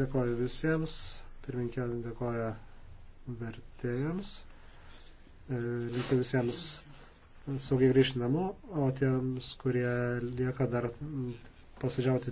Dėkoju visiems, pirminkė dėkoja vertėjams, e, linkiu visiems saugiai grįžti namo, o tiems, kurie lieka dar posėdžiauti.